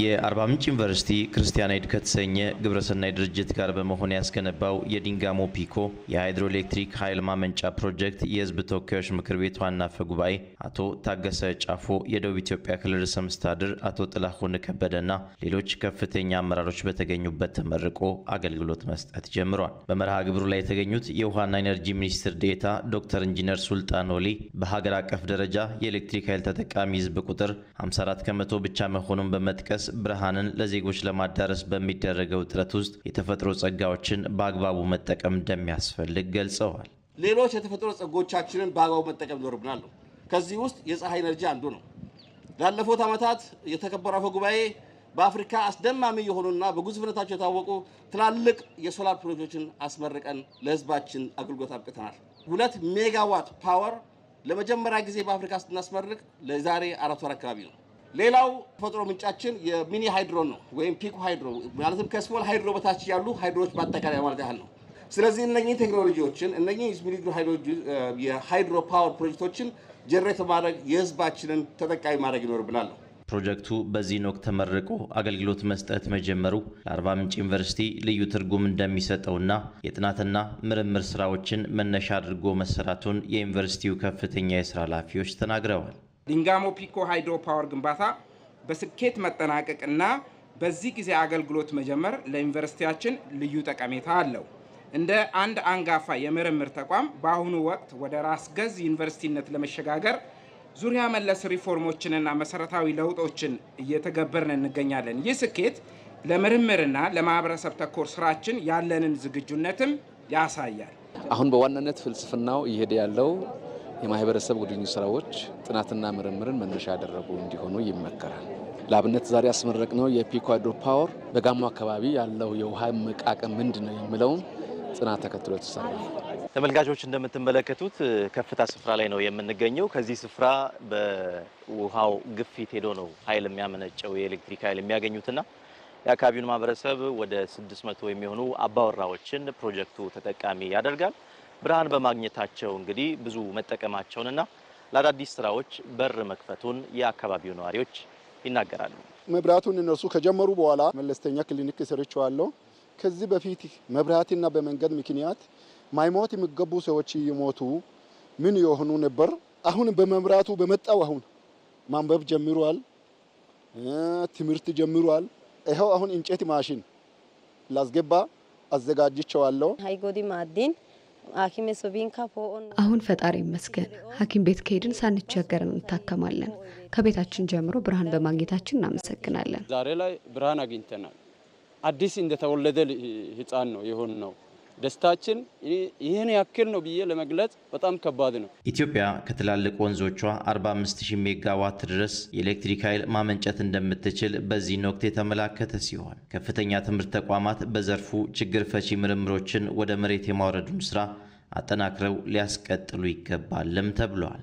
የአርባ ምንጭ ዩኒቨርሲቲ ክርስቲያን አይድ ከተሰኘ ግብረሰናይ ድርጅት ጋር በመሆን ያስገነባው የዲንጋሞ ፒኮ የሃይድሮኤሌክትሪክ ኃይል ማመንጫ ፕሮጀክት የሕዝብ ተወካዮች ምክር ቤት ዋና አፈ ጉባኤ አቶ ታገሰ ጫፎ፣ የደቡብ ኢትዮጵያ ክልል ርዕሰ መስተዳድር አቶ ጥላሁን ከበደና ሌሎች ከፍተኛ አመራሮች በተገኙበት ተመርቆ አገልግሎት መስጠት ጀምሯል። በመርሃ ግብሩ ላይ የተገኙት የውሃና ኤነርጂ ሚኒስትር ዴታ ዶክተር ኢንጂነር ሱልጣን ኦሊ በሀገር አቀፍ ደረጃ የኤሌክትሪክ ኃይል ተጠቃሚ ሕዝብ ቁጥር 54 ከመቶ ብቻ መሆኑን በመጥቀስ በመቅረጽ ብርሃንን ለዜጎች ለማዳረስ በሚደረገው ጥረት ውስጥ የተፈጥሮ ጸጋዎችን በአግባቡ መጠቀም እንደሚያስፈልግ ገልጸዋል። ሌሎች የተፈጥሮ ጸጋዎቻችንን በአግባቡ መጠቀም ይኖርብናል ከዚህ ውስጥ የፀሐይ ኤነርጂ አንዱ ነው። ላለፉት ዓመታት የተከበረው አፈ ጉባኤ በአፍሪካ አስደማሚ የሆኑና በግዙፍነታቸው የታወቁ ትላልቅ የሶላር ፕሮጀክቶችን አስመርቀን ለህዝባችን አገልግሎት አብቅተናል። ሁለት ሜጋዋት ፓወር ለመጀመሪያ ጊዜ በአፍሪካ ስናስመርቅ ለዛሬ አራት ወር አካባቢ ነው። ሌላው ተፈጥሮ ምንጫችን የሚኒ ሃይድሮ ነው ወይም ፒክ ሃይድሮ ማለትም ከስሞል ሃይድሮ በታች ያሉ ሃይድሮች በአጠቃላይ ማለት ያህል ነው። ስለዚህ እነኚህ ቴክኖሎጂዎችን እነኚህ የሃይድሮ ፓወር ፕሮጀክቶችን ጀሬት ማድረግ የህዝባችንን ተጠቃሚ ማድረግ ይኖርብናል ነው። ፕሮጀክቱ በዚህን ወቅት ተመርቆ አገልግሎት መስጠት መጀመሩ ለአርባ ምንጭ ዩኒቨርሲቲ ልዩ ትርጉም እንደሚሰጠውና የጥናትና ምርምር ስራዎችን መነሻ አድርጎ መሰራቱን የዩኒቨርሲቲው ከፍተኛ የስራ ኃላፊዎች ተናግረዋል። ዲንጋሞ ፒኮ ሃይድሮ ፓወር ግንባታ በስኬት መጠናቀቅና በዚህ ጊዜ አገልግሎት መጀመር ለዩኒቨርሲቲያችን ልዩ ጠቀሜታ አለው። እንደ አንድ አንጋፋ የምርምር ተቋም በአሁኑ ወቅት ወደ ራስ ገዝ ዩኒቨርሲቲነት ለመሸጋገር ዙሪያ መለስ ሪፎርሞችንና መሰረታዊ ለውጦችን እየተገበርን እንገኛለን። ይህ ስኬት ለምርምርና ለማህበረሰብ ተኮር ስራችን ያለንን ዝግጁነትም ያሳያል። አሁን በዋናነት ፍልስፍናው እየሄደ ያለው የማህበረሰብ ጉድኝት ስራዎች ጥናትና ምርምርን መነሻ ያደረጉ እንዲሆኑ ይመከራል። ለአብነት ዛሬ ያስመረቅ ነው የፒኮ ሃይድሮ ፓወር በጋሞ አካባቢ ያለው የውሃ መቃቀም ምንድን ነው የሚለውን ጥናት ተከትሎ ተሰራ። ተመልካቾች እንደምትመለከቱት ከፍታ ስፍራ ላይ ነው የምንገኘው። ከዚህ ስፍራ በውሃው ግፊት ሄዶ ነው ኃይል የሚያመነጨው የኤሌክትሪክ ኃይል የሚያገኙትና የአካባቢውን ማህበረሰብ ወደ 600 የሚሆኑ አባወራዎችን ፕሮጀክቱ ተጠቃሚ ያደርጋል። ብርሃን በማግኘታቸው እንግዲህ ብዙ መጠቀማቸውንና ለአዳዲስ ስራዎች በር መክፈቱን የአካባቢው ነዋሪዎች ይናገራሉ። መብራቱን እነሱ ከጀመሩ በኋላ መለስተኛ ክሊኒክ ሰርቼዋለሁ። ከዚህ በፊት መብራትና በመንገድ ምክንያት ማይሞት የሚገቡ ሰዎች እየሞቱ ምን የሆኑ ነበር። አሁን በመብራቱ በመጣው አሁን ማንበብ ጀምሯል፣ ትምህርት ጀምሯል። ይኸው አሁን እንጨት ማሽን ላስገባ አዘጋጅቸዋለሁ። ሀይጎዲ ማዲን አሁን ፈጣሪ ይመስገን ሐኪም ቤት ከሄድን ሳንቸገር እንታከማለን። ከቤታችን ጀምሮ ብርሃን በማግኘታችን እናመሰግናለን። ዛሬ ላይ ብርሃን አግኝተናል። አዲስ እንደተወለደ ህፃን ነው የሆን ነው። ደስታችን ይህን ያክል ነው ብዬ ለመግለጽ በጣም ከባድ ነው። ኢትዮጵያ ከትላልቅ ወንዞቿ 45000 ሜጋዋት ድረስ የኤሌክትሪክ ኃይል ማመንጨት እንደምትችል በዚህን ወቅት የተመላከተ ሲሆን ከፍተኛ ትምህርት ተቋማት በዘርፉ ችግር ፈቺ ምርምሮችን ወደ መሬት የማውረዱን ስራ አጠናክረው ሊያስቀጥሉ ይገባልም ተብሏል።